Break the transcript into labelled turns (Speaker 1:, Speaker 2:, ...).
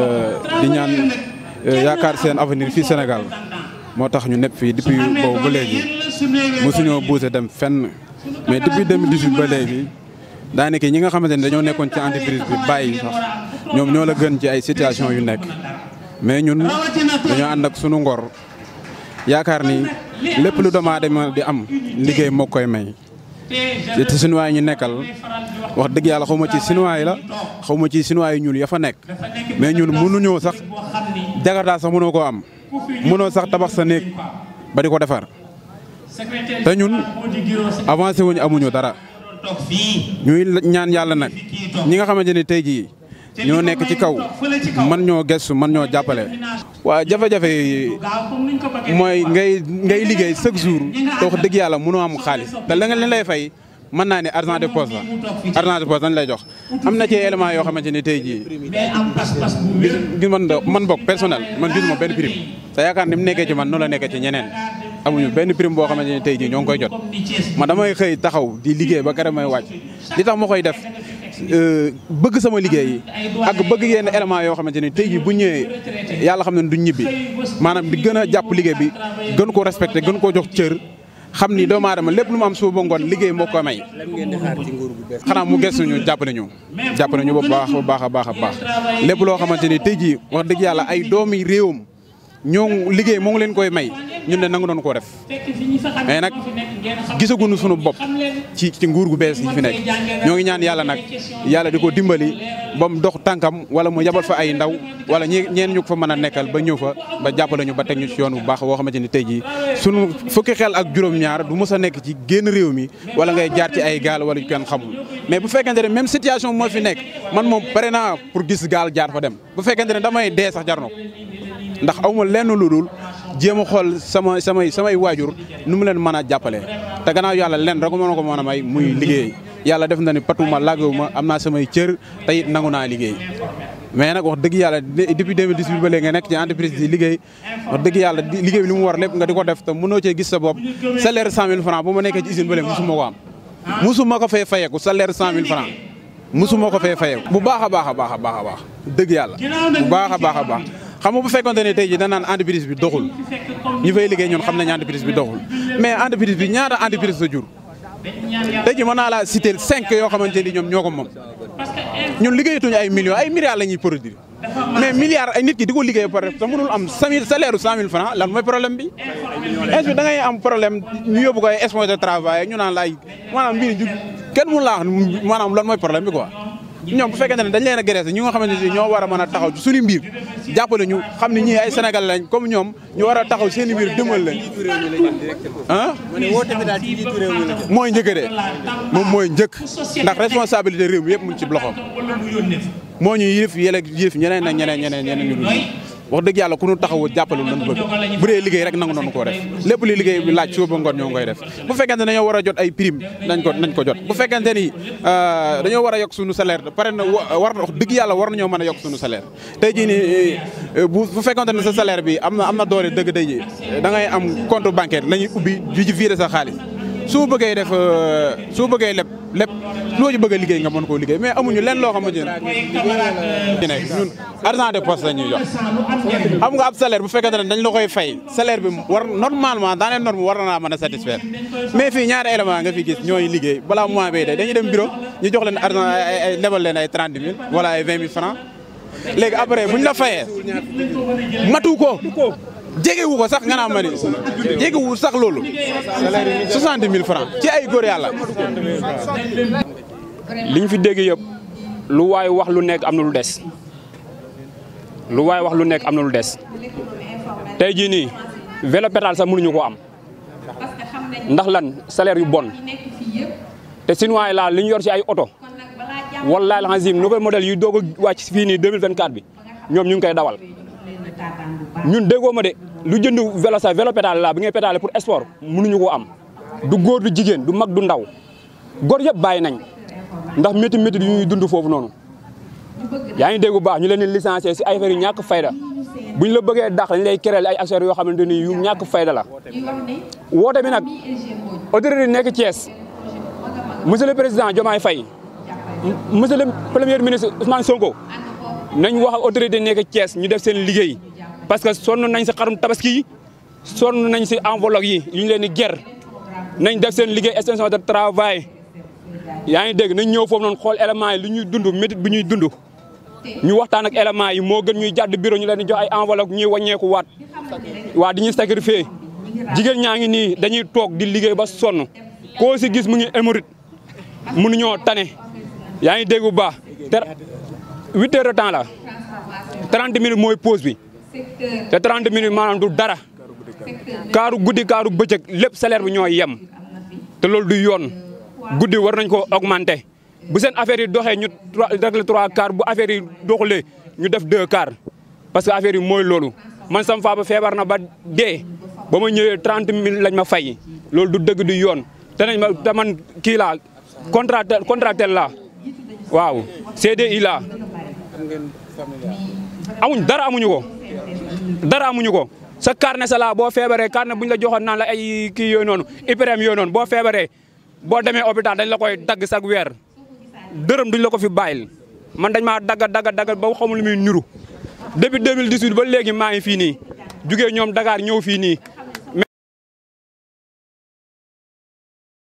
Speaker 1: Euh, di ñaan euh, yaakaar seen avenir fii Sénégal moo tax ñu nekk fii depuis boobu ba léegi mosuñoo bouse dem fenn mais dem 2018 ba léegi daanaka ñi nga xamante ne dañoo nekkoon ci entreprise bi bàyyi sax ñoom ñoo la gën ci ay situation yu nekk mais ñun dañoo ànd ak sunu ngor yaakaar ni lépp lu doomu aadama di am liggéey mook koy may.
Speaker 2: te
Speaker 1: chinois yi ñu nekkal wax dëgg yàlla xaw ma ci chinois yi la xaw ma ci chinois yi ñun ya fa nekk mais ñun mënuñoo sax jakarta sax mënoo koo am mënoo sax tabax sa néeg ba di ko defar te ñun avancé wuñu amuñu dara ñuy ñaan yàlla nag ñi nga xamante ne tey jii ñoo nekk ci kaw man ñoo gëstu man ñoo jàppale. waa jafe-jafe mooy ngay liggéey chaque jour te wax dëgg yàlla mënoo am xaalis te la nga lay fay. mën naa ne argent de poche
Speaker 2: la
Speaker 1: argent de poche dañ lay jox am na ci élément yoo xamante ni tey jii gis man man bokk personnel man gisuma benn prime ta yaakaar ni mu nekkee ci man noonu la nekkee ci ñeneen amuñu benn prime boo xamante ne tey jii ñoo ngi koy jot ma damay xëy taxaw di liggéey ba kare may wàcc li tax ma koy def Euh, bëgg sama liggéey ak bëgg yenn élément yoo xamante ni tey jii bu ñëwee yàlla xam ne duñ ñibbi maanaam di gën a jàpp liggéey bi gën koo respecté gën koo jox cër xam ni doomu aadama lépp lu mu am suba ba ngoon liggéey moo ko may.
Speaker 2: lan ngeen di xaar ci nguur xanaa mu gëstu ñu
Speaker 1: jàpp nañu jàpp nañu ba baax a baax a baax a baax lépp loo xamante ni tey jii wax dëgg yàlla ay doomi réewam ñoo liggéey moo ngi leen koy may ñun ne nangu doon ko def
Speaker 2: mais nag gisaguñu sunu bopp
Speaker 1: ci ci nguur gu bees yi fi nekk ñoo ngi ñaan yàlla nag yàlla di ko dimbali ba dox tànkam wala mu yabal fa ay ndaw wala ñi ñeen ñu fa mën a nekkal ba ñëw fa ba jàppale ñu ba teg ñu ci yoon bu baax boo xamante ni tey jii sunu fukki xel ak juróom-ñaar du mës a nekk ci génn réew mi wala ngay jaar ci ay gaal wala yu kenn xamul mais bu fekkente ne même situation moo fi nekk man moom pare naa pour gis gaal jaar fa dem bu fekkente ne damay dee sax jar na ko ndax awma lenn lu dul jéem a xool sama sama samay waajur nu mu leen man a jàppale te gannaaw yàlla leen rek mën ko mën a may muy liggéey yàlla def na ni patuma laggaw ma am naa samay cër te it nangu naa liggéey mais nag wax dëgg yàlla depuis 2018 ba léegi nga nekk ci entreprise di liggéey wax dëgg yàlla liggéey bi mu war lépp nga di ko def te mënoo cee gis sa bopp salaire 100000 francs bu ma nekkee ci usine ba léegi musuma ko am musuma ko fee fayeeku salaire 100000 francs musuma ko fee fayeeku bu baax a baax a baax a baax a baax dëgg yàlla bu baax a baax a baax xam nga bu fekkonte ne tey ji danaan entreprise bi doxul
Speaker 2: ñi fay liggéey ñun xam nañ entreprise bi doxul
Speaker 1: mais entreprise bi ñaata entreprise la jur tey jii mën naa laa citer cinq yoo xamante ni ñoom ñoo ko moom ñun liggéeyatuñu ay millions ay milliards la ñuy produire mais milliards ay nit ki di ko liggéey ba pare te mënul am cent mille salaire cent mille lan mooy problème bi. est-ce am problème ñu yóbbu ko ay espace de travail ñu naan laay maanaam mbir kenn mënul laa wax maanaam mooy problème bi quoi. ñoom bu fekkee ne dañ leen a gërese ñu nga xamante ne ñoo war a mën a taxaw ci suñu mbir ñu xam ne ñi ay Sénégal lañ comme ñoom ñu war a taxaw seen i mbir dëmal leen ah
Speaker 2: mooy njëkk de moom
Speaker 1: mooy njëkk ndax responsabilité réew mi yëpp mu ngi ci loxoom moo ñu yilif yële yilif ñeneen ak ñeneen ñeneen ñeneen ñu wax dëgg yàlla ku nu taxawoo jàppale lan bëgg bu dee liggéey rek nangu noonu koo def lépp li liggéey bi laaj suba ba ngoon ñoo koy def bu fekkente dañoo war a jot nañ ko jot bu fekkente ni euh, dañoo war a yokk suñu salaire pare na war wax dëgg yàlla war nañoo mën a yokk suñu salaire tey jii ni euh, bu bu fekkente ne sa salaire bi am na am na doole dëgg tey jii da ngay am compte bancaire la ñuy ubbi ju ci viré sa xaalis su bëggee def euh, su bëggee lépp lépp loo ci bëgg a liggéey nga mën koo liggéey mais amuñu lenn loo xamante
Speaker 2: ne ne
Speaker 1: ñun de poste la ñuy jox
Speaker 2: xam
Speaker 1: nga ab salaire bu fekkente ne dañ la koy fay salaire bi war normalement dans les normes war na naa mën a satisfaire mais fii ñaari élément nga fi gis ñooy liggéey balaa mois bay day dañuy dem bureau ñu jox leen argent ay lebal leen ay trente mille wala ay vingt mille francs léegi après buñ la faye matu ko jégewu ko sax nga naan ma ni jégewu
Speaker 2: sax loolu soixante mille francs ci ay góor yàlla li ñu fi dégg yëpp lu waay wax lu nekk am na lu des lu waay wax lu nekk am na lu des tey jii nii vélo pédale sax mënuñu ko am ndax lan salaire yu bon te chinois yi laa li ñu yor ci ay oto wallaahi alazim nouvel modèle yu doog a wàcc fii nii 2024 bi ñoom ñu ngi koy dawal ñun déggoo ma de lu jënd velo sax vélo pédale laa bi ngay pédale pour sport mënuñu ko am du góor du jigéen du mag du ndaw góor yëpp bàyyi nañ ndax métti métti yu ñuy dund foofu noonu yaa ngi dégg bu baax ñu leen di licencié si ay affaire yu ñàkk fayda bu ñu la bëggee dàq dañ lay kereel ay affaires yoo xamante ni yu ñàkk fayda la woote bi nag autorité nekk Thiès monsieur le président Diomaye fay monsieur le premier ministre Ousmane Sonko nañ wax ak autorité nekk cees ñu def seen liggéey parce que son nañ si xarum tabaski yi sonn nañ si enveloppe yi yu ñu leen di ger nañ def seen liggéey extension de travail Ya ngi dégg nañ ñew fofu non xol élément yi lu ñuy dund metit bu ñuy dund ñu waxtaan ak élément yi mo gën ñuy jadd biro ñu leen jox ay enveloppe ñuy wàññeeku wat wa di ñuy sacrifier jigeen ñaangi ni dañuy tok di liggéey ba son ko ci gis mu ngi émorite mënuñoo tane Ya ngi dégg bu ba 8h de temps la 30 minutes moy pause bi te 30 minutes manam du dara kaaru gudi kaaru bëccëg lepp salaire bu ñoy yam te lolou du yoon goudi war nañ ko augmenter bu sen affaire yi doxé ñu régler 3 quarts bu affaire yi doxlé ñu def 2 quarts parce que affaire yi moy lolu man sama faaba feebar na ba dé ba ma ñëwee trente lañ ma fay lolu du dëgg du yoon té nañ ma té man ki la contrat contractel la waaw CDI laa amuñ dara amuñu ko dara amuñu ko sa carnet sa laa boo feebaree carnet buñ la joxon nan la ay ki yoy non IPREM yoy non bo feebaree boo demee hôpital dañu la koy dagg sag weer dërëm duñ la ko fi bàyyil man dañ maa dagg dagg dagga ba xamul lu muy niru depuis 2018 ba léegi maa ngi fii nii jugee ñoom Dakar ñëw fii nii